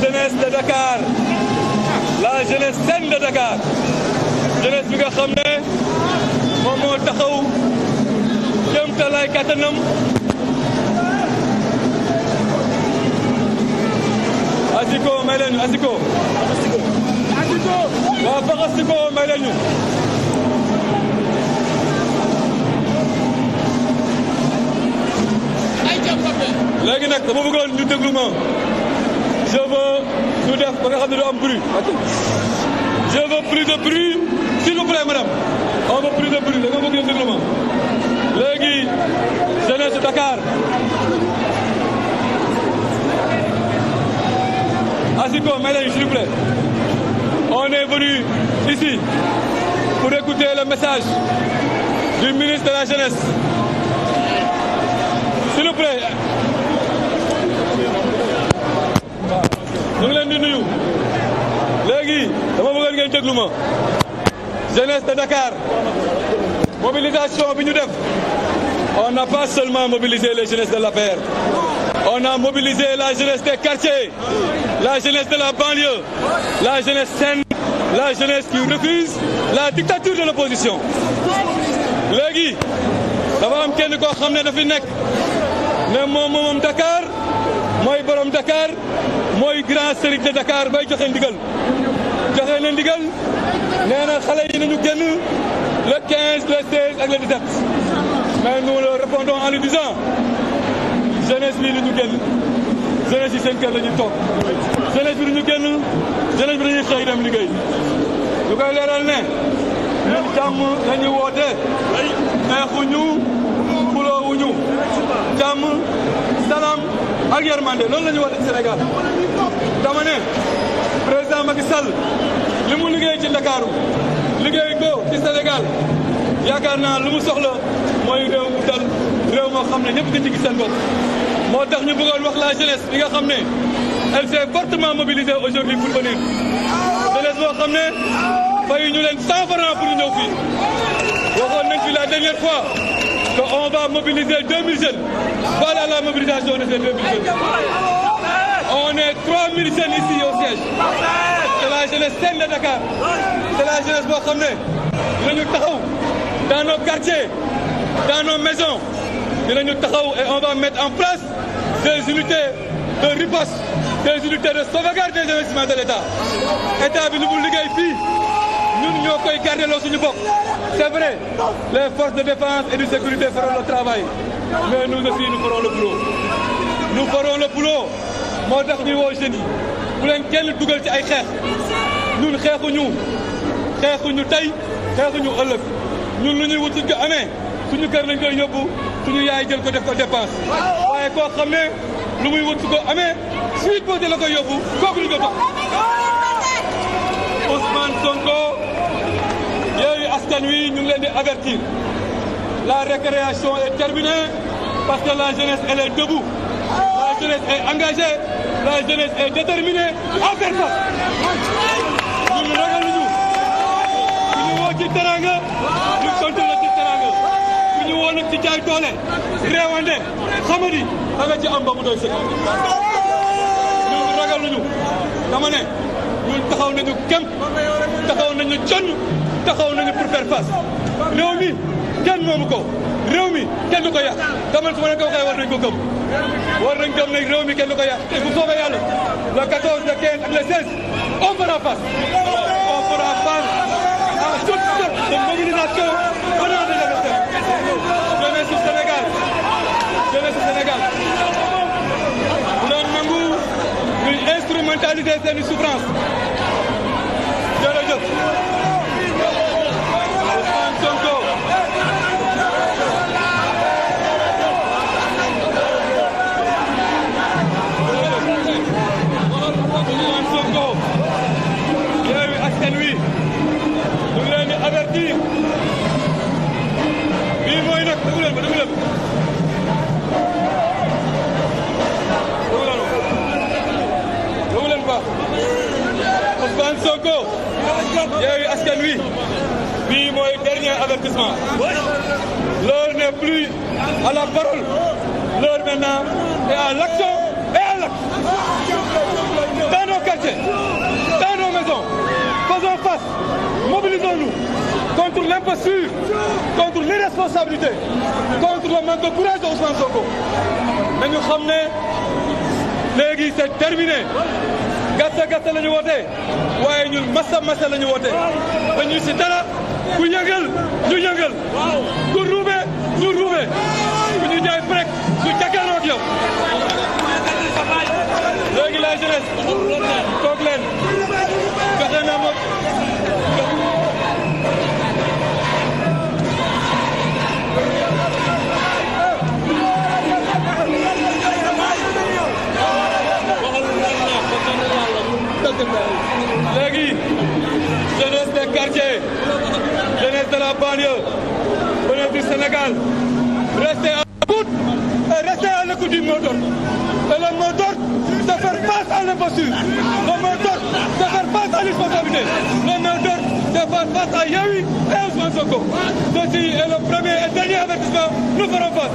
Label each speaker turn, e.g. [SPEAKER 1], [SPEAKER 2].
[SPEAKER 1] jeunesse de de Dakar jeunesse bi nga ne moom moo taxaw jëm asiko may asiko waaw asiko may leen ñu léegi nag dama bëggoon ñu déglu def ba nga xam ne du am bruit. je veux plus de bruit s'il vous plaît madame on veut plus de bruit da nga bëgg déglu ma léegi jeunesse Dakar asiko may leen s'il vous plaît on est venu ici pour écouter le message du ministre de la jeunesse s'il vous plaît déglu ma de Dakar mobilisation bi ñu def on n'a pas seulement mobilisé les jeunesses de l'APR on a mobilisé la jeunesse des quartiers la jeunesse de la banlieue la jeunesse saine la jeunesse qui refuse la dictature de l'opposition léegi dafa am kenn koo xam ne ne moom moom Dakar mooy borom Dakar mooy grand serigne de Dakar bay joxe ndigal joxe na ndigal nee na xale yi nañu génn le 15 le 16 ak le 17 mais nous le répondons en lui disant jeunesse bi nañu génn jeunesse yi seen kër la ñuy toog jeunesse bi duñu génn jeunesse bi dañuy xëy dem liggéey lu koy leeral ne ñun jàmm lañu woote neexuñu salaam ak yërmande loolu la ñu woote Sénégal dama président Macky Sall li mu liggéey ci Ndakaaru liggéey ko ci Sénégal yaakaar naa lu mu soxla mooy réew mu dal réew moo xam ne ñëpp dañ ci gis seen bopp. moo tax ñu bëggoon wax la jeunesse bi nga xam ne elle se fortement mobilisée aujourd'hui pour venir jeunesse boo xam ne fayu ñu leen 100 francs pour ñu ñëw fii waxoon nañ fi la dernière fois que on va mobiliser 2000 jeunes voilà la mobilisation de ces 2000 jeunes. est 3000 jeunes ici au siège c'est la jeunesse saine de Dakar c'est la jeunesse boo xam ne dinañu taxaw dans nos quartiers dans nos maisons dinañu taxaw et on va mettre en place des unités de riposte des unités de sauvegarde des investissements de l'État état bi lu mu liggéey fii ñun ñoo koy gardeloo suñu bopp c'est vrai les forces de défense et de sécurité feront le travail mais nous aussi nous ferons le boulot moo tax ñuy woo jeunes bu leen kenn dugal ci ay xeex ñun xeexuñu xeexuñu tey ñu ëllëg ñun lu ñuy wut suñ ko amee suñu kër lañ koy yóbbu suñu yaay jël ko def ko dépense waaye koo xam lu muy wut su ko amee suite boote la koy yóbbu kooku ñu ko topp Ousmane Sonko yooyu askan wi ñu leen di avertir la récréation est terminée parce que la jeunesse elle est debout engage engagée, la jeunesse est déterminée à faire face. ñun ragaluñu ku ñu woo ci teranga ñu tontu la ci teranga ku ñu woo nag ci jaay doole réewande xamadi da nga ci am ba mu doy sëkk ñun dama ne ñun taxaw nañu kem taxaw nañu conn taxaw nañu pour face réew mi kenn ko réew kenn ko yàq dama ne su ma leen ko waxee ko gëm war nañ ne réew mi kenn du ko yàq te bu soobee yàlla le 14 le 15 le 16 on fera face on fera face à toute sorte de mobilisation au nom de l'adversaire jeunesse du Sénégal jeunesse du Sénégal bu doon nangu ñuy instrumentaliser seen souffrance jërëjëf Yewwi Askan Wi bii mooy dernier avertissement l'heure n'est plus à la parole l'heure maintenant est à l'action et à l'acte dans nos quartiers dans nos maisons faisons face contre l'imposture contre l'irresponsabilité contre le manque de courage de Ousmane Sonko nañu xam ne gàtta gàtta la ñu wootee waaye ñun masa masa la ñu wootee ba ñu si dara ku yëngal ñu yëngal léegi jeunesse des quartiers jeunesse de la banlieue jeunesse du Sénégal restez à l'écoute et restez à l'écoute du et le mot d'ordre faire face à l'imposture le mot d'ordre faire face à l'irresponsabilité le mot d'ordre faire face à Yewwi et Ousmane Sonko ceci est le premier et dernier avertissement nous ferons face